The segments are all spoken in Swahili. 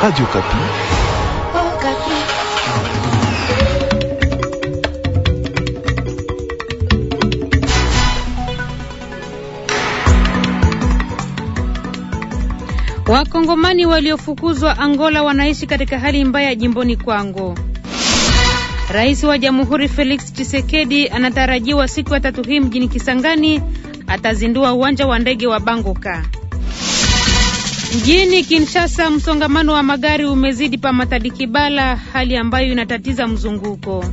Radio Kapi. Oh, Kapi. Wakongomani waliofukuzwa Angola wanaishi katika hali mbaya jimboni Kwango. Rais wa Jamhuri Felix Tshisekedi anatarajiwa siku ya tatu hii mjini Kisangani atazindua uwanja wa ndege wa Bangoka. Mjini Kinshasa msongamano wa magari umezidi pa Matadi Kibala, hali ambayo inatatiza mzunguko.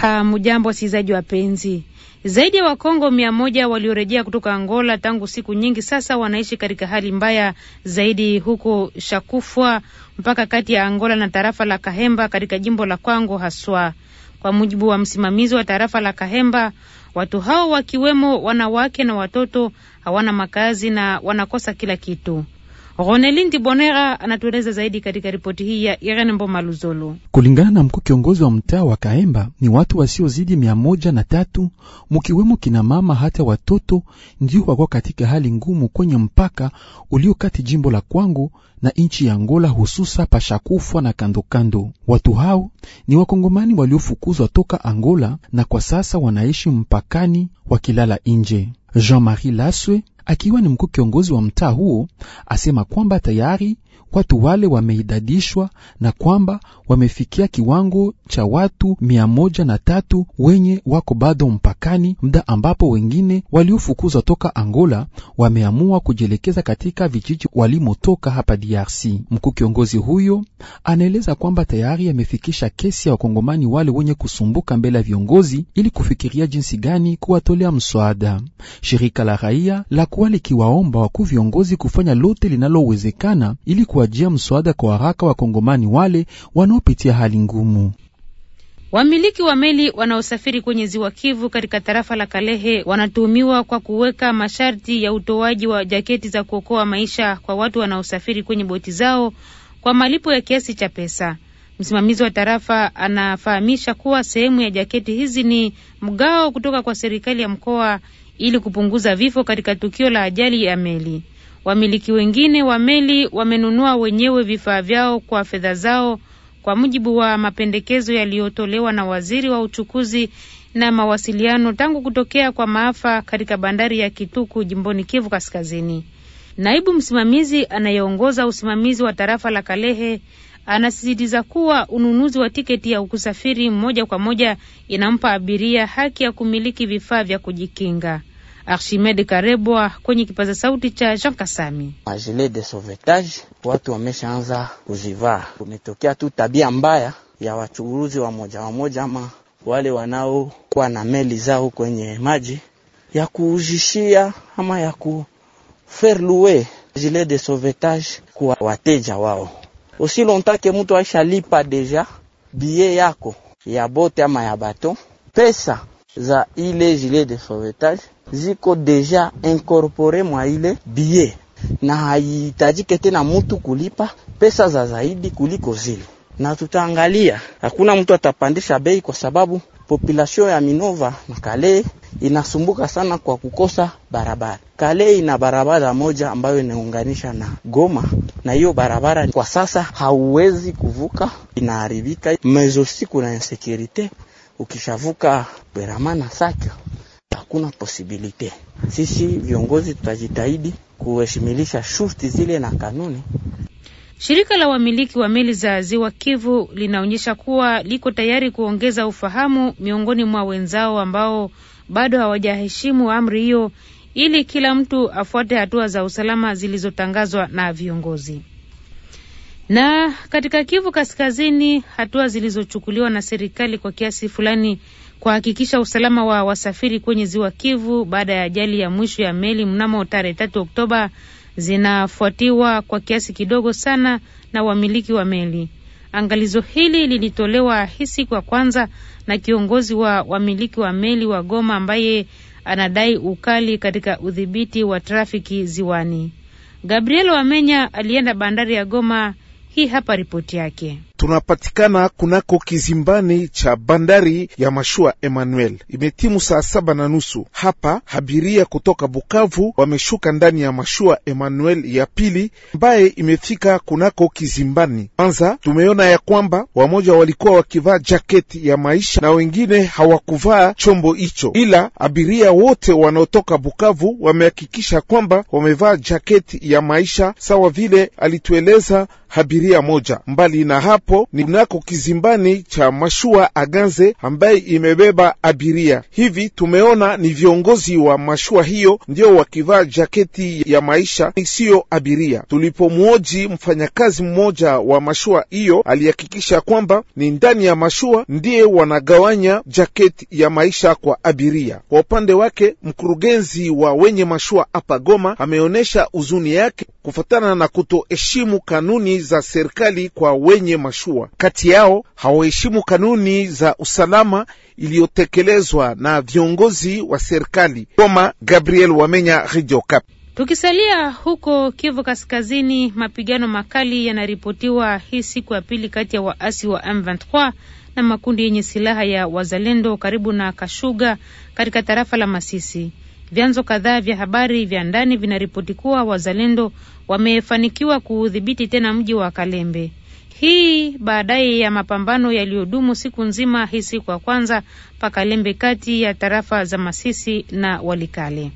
Hamujambo wasikilizaji wapenzi. Zaidi ya Wakongo mia moja waliorejea kutoka Angola tangu siku nyingi sasa wanaishi katika hali mbaya zaidi huko Shakufwa, mpaka kati ya Angola na tarafa la Kahemba katika jimbo la Kwango haswa, kwa mujibu wa msimamizi wa tarafa la Kahemba. Watu hao wakiwemo wanawake na watoto hawana makazi na wanakosa kila kitu. Ronelindi Bonera anatueleza zaidi katika ripoti hii ya Irene Mboma Luzolo. Kulingana na mkuu kiongozi wa mtaa wa Kaemba, ni watu wasiozidi mia moja na tatu, mkiwemo kina mama hata watoto, ndio wako katika hali ngumu kwenye mpaka ulio kati jimbo la Kwangu na nchi ya Angola, hususa Pashakufwa na kandokando. Watu hao ni wakongomani waliofukuzwa toka Angola na kwa sasa wanaishi mpakani wakilala nje. Jean-Marie Laswe akiwa ni mkuu kiongozi wa mtaa huo, asema kwamba tayari watu wale wameidadishwa na kwamba wamefikia kiwango cha watu mia moja na tatu wenye wako bado mpakani, muda ambapo wengine waliofukuzwa toka Angola wameamua kujielekeza katika vijiji walimotoka hapa DRC. Mkuu kiongozi huyo anaeleza kwamba tayari amefikisha kesi ya wakongomani wale wenye kusumbuka mbele ya viongozi ili kufikiria jinsi gani kuwatolea mswada. Shirika la raia la litakuwa likiwaomba wakuu viongozi kufanya lote linalowezekana ili kuajia mswada kwa haraka wakongomani wale wanaopitia hali ngumu. Wamiliki wa meli wanaosafiri kwenye ziwa Kivu katika tarafa la Kalehe wanatuhumiwa kwa kuweka masharti ya utoaji wa jaketi za kuokoa maisha kwa watu wanaosafiri kwenye boti zao kwa malipo ya kiasi cha pesa. Msimamizi wa tarafa anafahamisha kuwa sehemu ya jaketi hizi ni mgao kutoka kwa serikali ya mkoa ili kupunguza vifo katika tukio la ajali ya meli. Wamiliki wengine wa meli wamenunua wenyewe vifaa vyao kwa fedha zao, kwa mujibu wa mapendekezo yaliyotolewa na waziri wa uchukuzi na mawasiliano tangu kutokea kwa maafa katika bandari ya Kituku jimboni Kivu Kaskazini. Naibu msimamizi anayeongoza usimamizi wa tarafa la Kalehe anasisitiza kuwa ununuzi wa tiketi ya kusafiri moja kwa moja inampa abiria haki ya kumiliki vifaa vya kujikinga. Archimede Karebwa kwenye kipaza sauti cha Jean Kasami. Majile de sauvetage watu wameshaanza kuzivaa. Kumetokea tu tabia mbaya ya wachuguruzi wamoja wamoja ama wale wanaokuwa na meli zao kwenye maji ya kuujishia ama ya kuferlue gilet de sauvetage kwa wateja wao. Osi lontake mtu aisha lipa deja bie yako ya bote ama ya bato, pesa za ile gilet de sauvetage ziko deja incorpore mwa ile bie, na haitajike tena mutu kulipa pesa za zaidi kuliko zile, na tutaangalia hakuna mtu atapandisha bei, kwa sababu population ya Minova na Kale inasumbuka sana kwa kukosa barabara. Kale ina barabara moja ambayo inaunganisha na Goma, na hiyo barabara kwa sasa hauwezi kuvuka, inaharibika mezo siku na insekurite ukishavuka Bwerama na Sakyo hakuna posibilite. Sisi viongozi tutajitahidi kuheshimilisha shurti zile na kanuni. Shirika la wamiliki wa meli za ziwa Kivu linaonyesha kuwa liko tayari kuongeza ufahamu miongoni mwa wenzao ambao bado hawajaheshimu amri hiyo, ili kila mtu afuate hatua za usalama zilizotangazwa na viongozi. Na katika Kivu Kaskazini, hatua zilizochukuliwa na serikali kwa kiasi fulani kuhakikisha usalama wa wasafiri kwenye ziwa Kivu baada ya ajali ya mwisho ya meli mnamo tarehe tatu Oktoba zinafuatiwa kwa kiasi kidogo sana na wamiliki wa meli. Angalizo hili lilitolewa hii siku ya kwanza na kiongozi wa wamiliki wa meli wa Goma ambaye anadai ukali katika udhibiti wa trafiki ziwani. Gabriel Wamenya alienda bandari ya Goma hii hapa ripoti yake tunapatikana kunako kizimbani cha bandari ya mashua Emmanuel. Imetimu saa saba na nusu hapa. Abiria kutoka Bukavu wameshuka ndani ya mashua Emmanuel ya pili ambaye imefika kunako kizimbani. Kwanza tumeona ya kwamba wamoja walikuwa wakivaa jaketi ya maisha na wengine hawakuvaa chombo hicho, ila abiria wote wanaotoka Bukavu wamehakikisha kwamba wamevaa jaketi ya maisha sawa vile alitueleza abiria moja. Mbali na hapo ni ninako kizimbani cha mashua Aganze ambaye imebeba abiria. Hivi tumeona ni viongozi wa mashua hiyo ndio wakivaa jaketi ya maisha isiyo abiria. Tulipomwoji mfanyakazi mmoja wa mashua hiyo, alihakikisha kwamba ni ndani ya mashua ndiye wanagawanya jaketi ya maisha kwa abiria. Kwa upande wake, mkurugenzi wa wenye mashua hapa Goma ameonyesha huzuni yake kufuatana na kutoheshimu kanuni za serikali kwa wenye mashua. Kati yao hawaheshimu kanuni za usalama iliyotekelezwa na viongozi wa serikali. Goma, Gabriel Wamenya, Radio Okapi. Tukisalia huko Kivu Kaskazini, mapigano makali yanaripotiwa hii siku ya pili kati ya waasi wa M23 na makundi yenye silaha ya wazalendo karibu na Kashuga katika tarafa la Masisi. Vyanzo kadhaa vya habari vya ndani vinaripoti kuwa wazalendo wamefanikiwa kuudhibiti tena mji wa Kalembe. Hii baadaye ya mapambano yaliyodumu siku nzima hii siku ya kwanza kalembe kati ya tarafa za Masisi na Walikale.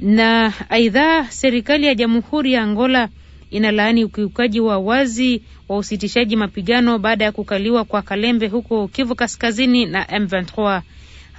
Na aidha, serikali ya Jamhuri ya Angola inalaani ukiukaji wa wazi wa usitishaji mapigano baada ya kukaliwa kwa Kalembe huko Kivu Kaskazini na M23.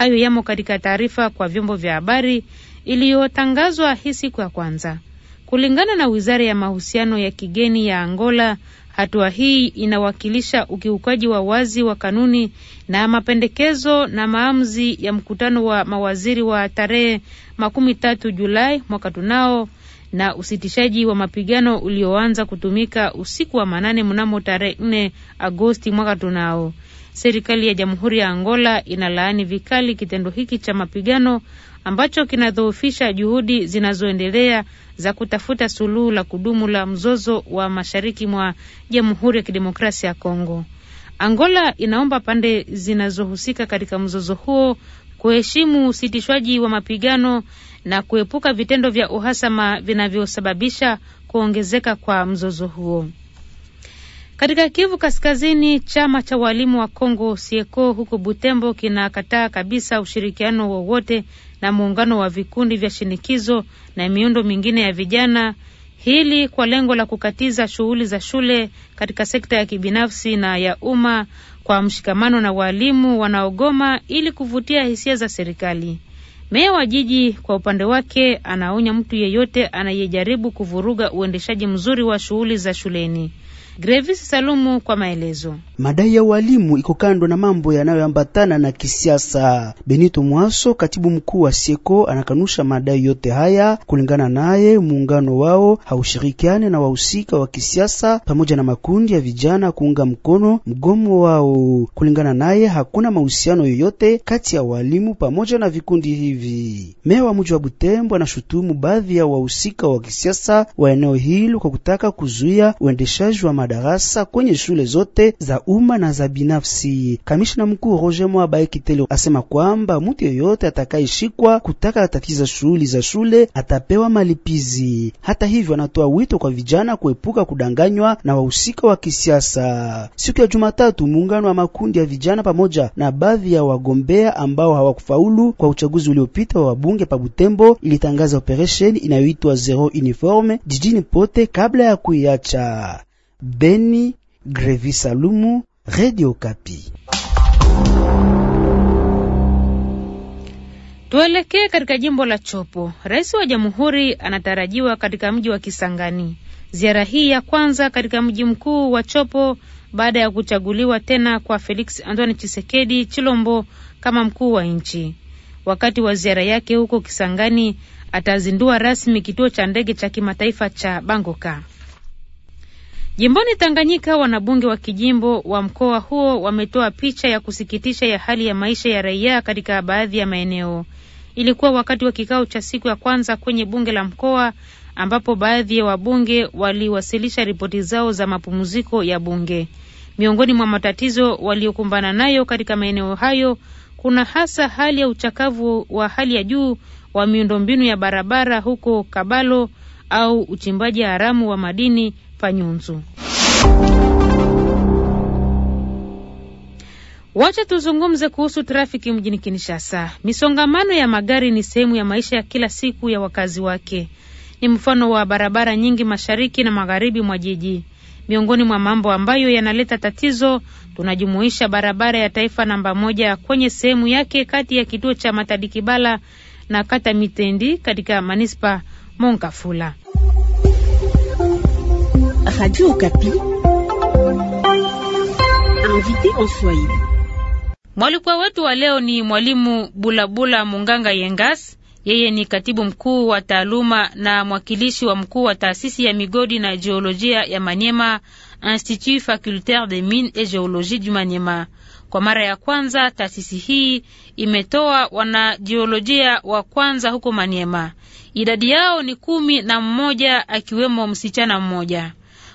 Hayo yamo katika taarifa kwa vyombo vya habari iliyotangazwa hii siku ya kwanza. Kulingana na wizara ya mahusiano ya kigeni ya Angola, hatua hii inawakilisha ukiukaji wa wazi wa kanuni na mapendekezo na maamuzi ya mkutano wa mawaziri wa tarehe makumi tatu Julai mwaka tunao na usitishaji wa mapigano ulioanza kutumika usiku wa manane mnamo tarehe 4 Agosti mwaka tunao. Serikali ya Jamhuri ya Angola inalaani vikali kitendo hiki cha mapigano ambacho kinadhoofisha juhudi zinazoendelea za kutafuta suluhu la kudumu la mzozo wa mashariki mwa Jamhuri ya Kidemokrasia ya Kongo. Angola inaomba pande zinazohusika katika mzozo huo kuheshimu usitishwaji wa mapigano na kuepuka vitendo vya uhasama vinavyosababisha kuongezeka kwa mzozo huo. Katika Kivu Kaskazini, chama cha walimu wa Kongo Sieko huko Butembo kinakataa kabisa ushirikiano wowote na muungano wa vikundi vya shinikizo na miundo mingine ya vijana, hili kwa lengo la kukatiza shughuli za shule katika sekta ya kibinafsi na ya umma kwa mshikamano na walimu wanaogoma ili kuvutia hisia za serikali. Meya wa jiji kwa upande wake anaonya mtu yeyote anayejaribu kuvuruga uendeshaji mzuri wa shughuli za shuleni. Grevis Salumu kwa maelezo madai ya walimu iko kando na mambo yanayoambatana na kisiasa. Benito Mwaso, katibu mkuu wa Seko, anakanusha madai yote haya. Kulingana naye, muungano wao haushirikiane na wahusika wa kisiasa pamoja na makundi ya vijana kuunga mkono mgomo wao. Kulingana naye, hakuna mahusiano yoyote kati ya walimu pamoja na vikundi hivi. Meya wa mji wa Butembo anashutumu baadhi ya wahusika wa kisiasa wa eneo hilo kwa kutaka kuzuia uendeshaji wa madarasa kwenye shule zote za umma na za binafsi. Kamishna mkuu Roger Mwabaye Kitelo asema kwamba mtu yeyote atakayeshikwa kutaka tatiza shughuli za shule atapewa malipizi. Hata hivyo, anatoa wito kwa vijana kuepuka kudanganywa na wahusika wa kisiasa. Siku ya Jumatatu, muungano wa makundi ya vijana pamoja na baadhi ya wagombea ambao hawakufaulu kwa uchaguzi uliopita wa wabunge pa Butembo ilitangaza operesheni inayoitwa Zero Uniforme jijini pote kabla ya kuiacha Beni. Grevi Salumu, Radio Kapi. Tuelekee katika jimbo la Chopo. Rais wa jamhuri anatarajiwa katika mji wa Kisangani. Ziara hii ya kwanza katika mji mkuu wa Chopo baada ya kuchaguliwa tena kwa Felix Antoine Chisekedi Chilombo kama mkuu wa nchi. Wakati wa ziara yake huko Kisangani, atazindua rasmi kituo cha ndege cha kimataifa cha Bangoka. Jimboni Tanganyika, wanabunge wa kijimbo wa mkoa huo wametoa picha ya kusikitisha ya hali ya maisha ya raia katika baadhi ya maeneo. Ilikuwa wakati wa kikao cha siku ya kwanza kwenye bunge la mkoa ambapo baadhi ya wabunge waliwasilisha ripoti zao za mapumziko ya bunge. Miongoni mwa matatizo waliokumbana nayo katika maeneo hayo kuna hasa hali ya uchakavu wa hali ya juu wa miundombinu ya barabara huko Kabalo au uchimbaji haramu wa madini Panyunzu. Wacha tuzungumze kuhusu trafiki mjini Kinshasa. Misongamano ya magari ni sehemu ya maisha ya kila siku ya wakazi wake. Ni mfano wa barabara nyingi mashariki na magharibi mwa jiji. Miongoni mwa mambo ambayo yanaleta tatizo, tunajumuisha barabara ya taifa namba moja kwenye sehemu yake kati ya kituo cha Matadikibala na kata Mitendi katika manispa Monkafula. Radio Okapi. Invité en Swahili. Mwalikwa wetu wa leo ni mwalimu Bulabula Munganga Yengas. Yeye ni katibu mkuu wa taaluma na mwakilishi wa mkuu wa taasisi ya migodi na jiolojia ya Manyema, Institut Facultaire de Mines et Géologie du Manyema. Kwa mara ya kwanza taasisi hii imetoa wanajiolojia wa kwanza huko Maniema. Idadi yao ni kumi na mmoja, akiwemo msichana mmoja.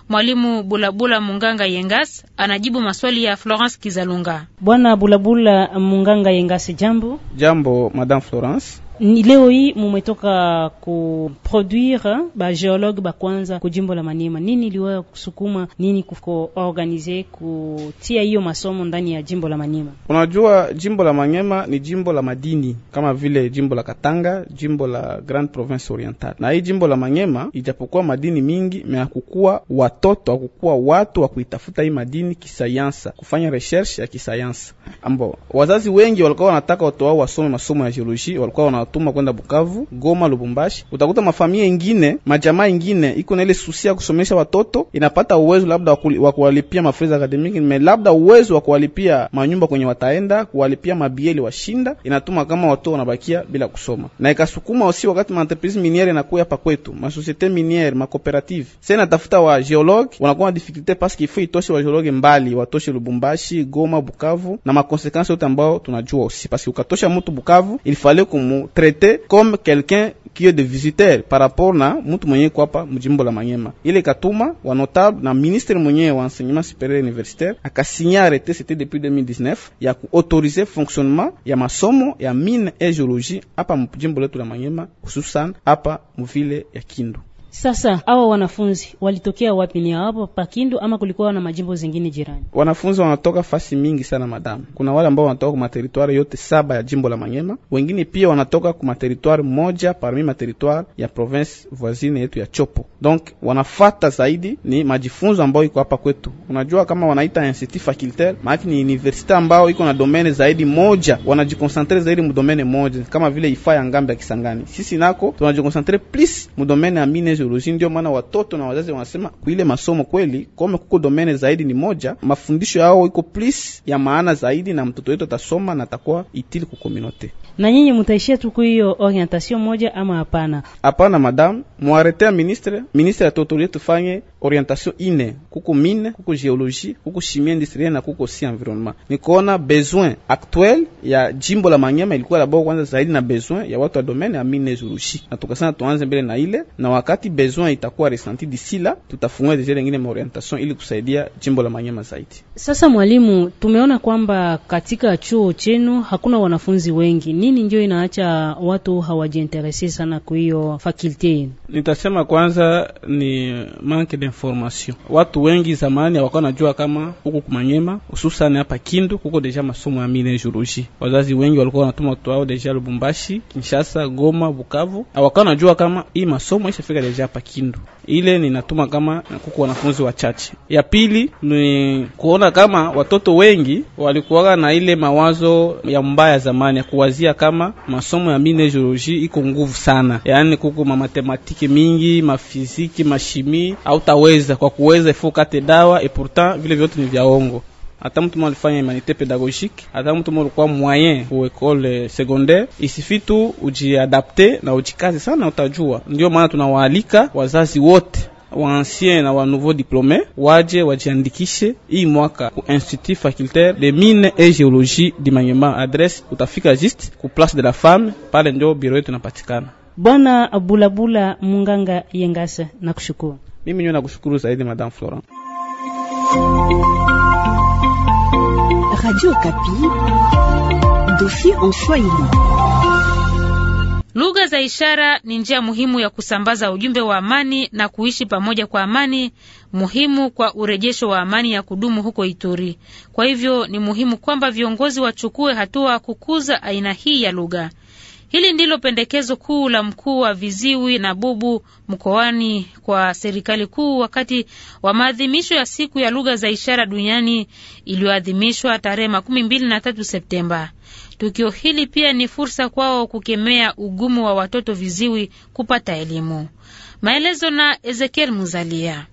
Mwalimu Bulabula Munganga Yengas anajibu maswali ya Florence Kizalunga. Bwana Bulabula Munganga Yengas, jambo. Jambo madam Florence. Ni leo hii mumetoka kuproduire ba geologue ba kwanza kujimbo la Maniema, nini iliwaya kusukuma nini kuko organize kutia hiyo masomo ndani ya jimbo la Maniema? Unajua, jimbo la Maniema ni jimbo la madini kama vile jimbo la Katanga, jimbo la Grande Province Orientale, na hii jimbo la Maniema ijapokuwa madini mingi meakukua watoto akukuwa watu wa kuitafuta hii madini kisayansa, kufanya recherche ya kisayansa, ambo wazazi wengi walikuwa wanataka watoto wao wasome masomo ya geologie, walikuwa wanatuma kwenda Bukavu, Goma, Lubumbashi. Utakuta mafamia ingine majamaa ingine iko na ile susi ya kusomesha watoto, inapata uwezo labda wa kuwalipia mafreza akademiki, labda uwezo wa kuwalipia manyumba kwenye wataenda, kuwalipia mabieli washinda, inatuma kama watoto wanabakia bila kusoma, na ikasukuma osi wakati maentreprise miniere inakuya hapa kwetu, masosiete miniere makooperative sasa natafuta wa geologue wanakuwa na difficulté parce qu'il faut itoshe wa geologue mbali watoshe Lubumbashi, Goma, Bukavu na makonsekansi yote ambao tunajua osi, parce ukatosha mtu Bukavu ilifale kumu traité comme quelqu'un qui est de visiteur par rapport na mutu mwenyewe kwa hapa mjimbo la Manyema. Ile katuma wa notable na ministre de wa enseignement supérieur universitaire akasinya arrêté c'était depuis 2019 ya le fonctionnement ya masomo ya mine et géologie hapa mjimbo letu la Manyema, hususan hapa mvile ya Kindu. Sasa hawa wanafunzi walitokea wapi? Ni hapo Pakindu ama kulikuwa na majimbo zingine jirani? Wanafunzi wanatoka fasi mingi sana madamu. Kuna wale ambao wanatoka kwa materitoire yote saba ya jimbo la Manyema, wengine pia wanatoka kwa materitoire moja parmi materitoire ya province voisine yetu ya Chopo. Donc wanafata zaidi ni majifunzo ambayo iko hapa kwetu. Unajua kama wanaita institut facultaire, maana ni universite ambao iko na domene zaidi moja, wanajikonsentre zaidi mu domaine moja, kama vile ifa ya ngambe ya Kisangani. Sisi nako tunajikonsentre plus mu domaine ya mines teolojia. Ndio maana watoto na wazazi wanasema kuile masomo kweli kome kuko domene zaidi ni moja, mafundisho yao iko plus ya maana zaidi, na mtoto wetu atasoma na atakuwa itili ku community. Na nyinyi mtaishia tu hiyo orientation moja ama hapana? Hapana madam, muaretea ministre ministre atotolie tufanye orientation ine, kuko mine, kuko geologie, kuko chimie industrielle na kuko si environnement. Nikoona besoin actuel ya jimbo la Manyema ilikuwa labao kwanza zaidi na besoin ya watu wa domaine ya mine zurushi, na tukasana tuanze mbele na ile na wakati wakati besoin itakuwa resenti d'ici la, tutafungua deja lengine maorientation ili kusaidia jimbo la Manyema zaidi. Sasa mwalimu, tumeona kwamba katika chuo chenu hakuna wanafunzi wengi, nini ndio inaacha watu hawajiinterese sana kwa hiyo fakulte yenu? Nitasema kwanza ni manque d'information. Watu wengi zamani hawakuwa najua kama huku kumanyema hususani hapa Kindu kuko deja masomo ya minerurgi. Wazazi wengi walikuwa wanatuma watoto wao deja Lubumbashi, Kinshasa, Goma, Bukavu, hawakuwa najua kama hii masomo ishafika deja deja hapa Kindu. Ile ninatuma kama kuko wanafunzi wachache. Ya pili ni kuona kama watoto wengi walikuwa na ile mawazo ya mbaya zamani ya kuwazia kama masomo ya mine iko nguvu sana, yaani kuku ma matematiki mingi, mafiziki, mashimi, hautaweza kwa kuweza ifokate dawa et pourtant vile vyote ni vya ongo hata mtu mwalifanya humanite pedagogique, hata mtu mwalikuwa moyen ku ekole secondaire, isifi tu ujiadapte na ujikaze sana, utajua. Ndio maana tunawaalika wazazi wote ancien na wa nouveau diplome waje wajiandikishe hii mwaka ku Institut Facultaire de Mine et Geologie di Manyema. Adresse utafika juste ku Place de la Femme, pale ndio biro yetu inapatikana. Bwana Bulabula Munganga Yengasa, nakushukuru. Mimi nyo nakushukuru zaidi Madame Florent. Radio Kapi, dosi en Swahili. Lugha za ishara ni njia muhimu ya kusambaza ujumbe wa amani na kuishi pamoja kwa amani, muhimu kwa urejesho wa amani ya kudumu huko Ituri. Kwa hivyo ni muhimu kwamba viongozi wachukue hatua kukuza aina hii ya lugha. Hili ndilo pendekezo kuu la mkuu wa viziwi na bubu mkoani kwa serikali kuu wakati wa maadhimisho ya siku ya lugha za ishara duniani iliyoadhimishwa tarehe makumi mbili na tatu Septemba. Tukio hili pia ni fursa kwao kukemea ugumu wa watoto viziwi kupata elimu. Maelezo na Ezekiel Muzalia.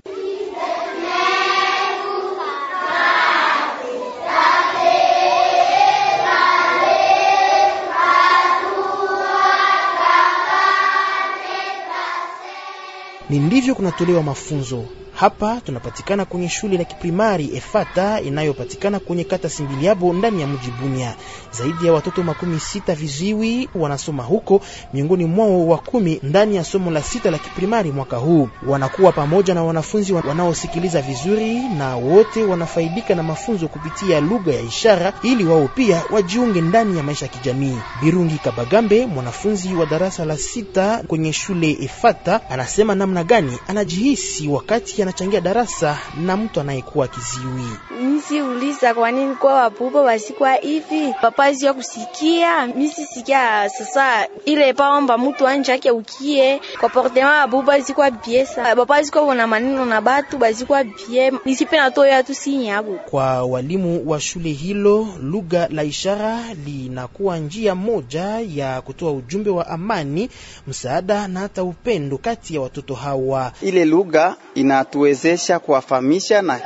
Ni ndivyo kunatolewa mafunzo. Hapa tunapatikana kwenye shule la kiprimari Efata inayopatikana kwenye kata Simbiliabo ndani ya mji Bunia. Zaidi ya watoto makumi sita viziwi wanasoma huko, miongoni mwao wa kumi ndani ya somo la sita la kiprimari mwaka huu. Wanakuwa pamoja na wanafunzi wanaosikiliza vizuri, na wote wanafaidika na mafunzo kupitia lugha ya ishara, ili wao pia wajiunge ndani ya maisha ya kijamii. Birungi Kabagambe, mwanafunzi wa darasa la sita kwenye shule Efata, anasema namna gani anajihisi wakati ana anachangia darasa na mtu anayekuwa kiziwi. Misi uliza kwa nini kwa wapupo wasikwa hivi papazi ya kusikia misi sikia sasa, ile paomba mtu anje ake ukie kwa portema wapupa zikwa biesa papazi kwa wana maneno na batu bazikwa bie nisipe toyo toya tu sinyabo. Kwa walimu wa shule hilo, lugha la ishara linakuwa njia moja ya kutoa ujumbe wa amani, msaada na hata upendo kati ya watoto hawa. Ile lugha ina kuwatuwezesha kuwafahamisha na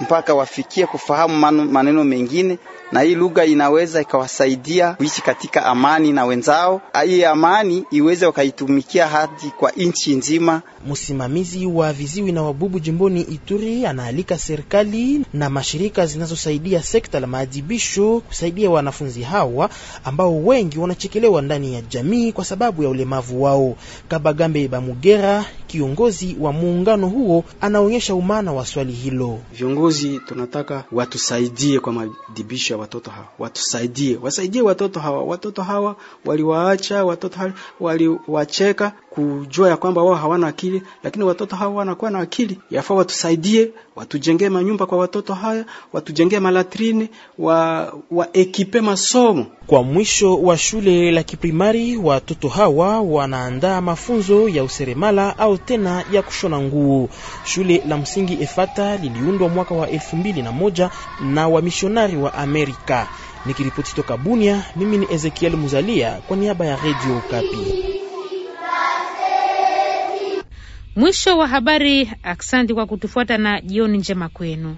mpaka wafikie kufahamu maneno mengine na hii lugha inaweza ikawasaidia kuishi katika amani na wenzao, hii amani iweze wakaitumikia hadi kwa nchi nzima. Msimamizi wa viziwi na wabubu jimboni Ituri anaalika serikali na mashirika zinazosaidia sekta la maadhibisho kusaidia wanafunzi hawa ambao wengi wanachekelewa ndani ya jamii kwa sababu ya ulemavu wao. Kabagambe Bamugera, kiongozi wa muungano huo, anaonyesha umana wa swali hilo. Viongozi tunataka watusaidie kwa maadhibisho cha watoto hawa, watusaidie, wasaidie watoto hawa. Watoto hawa waliwaacha, watoto hawa waliwacheka, kujua ya kwamba wao hawana akili, lakini watoto hao wanakuwa na akili. Yafaa watusaidie, watujengee manyumba kwa watoto haya, watujengee malatrini, wa waekipe masomo. Kwa mwisho wa shule la kiprimari, watoto hawa wanaandaa mafunzo ya useremala au tena ya kushona nguo. Shule la msingi Efata liliundwa mwaka wa elfu mbili na moja na wamishonari wa Amerika. Nikiripoti toka Bunia, mimi ni Ezekiel Muzalia kwa niaba ya Radio Kapi. Mwisho wa habari. Asante kwa kutufuata na jioni njema kwenu.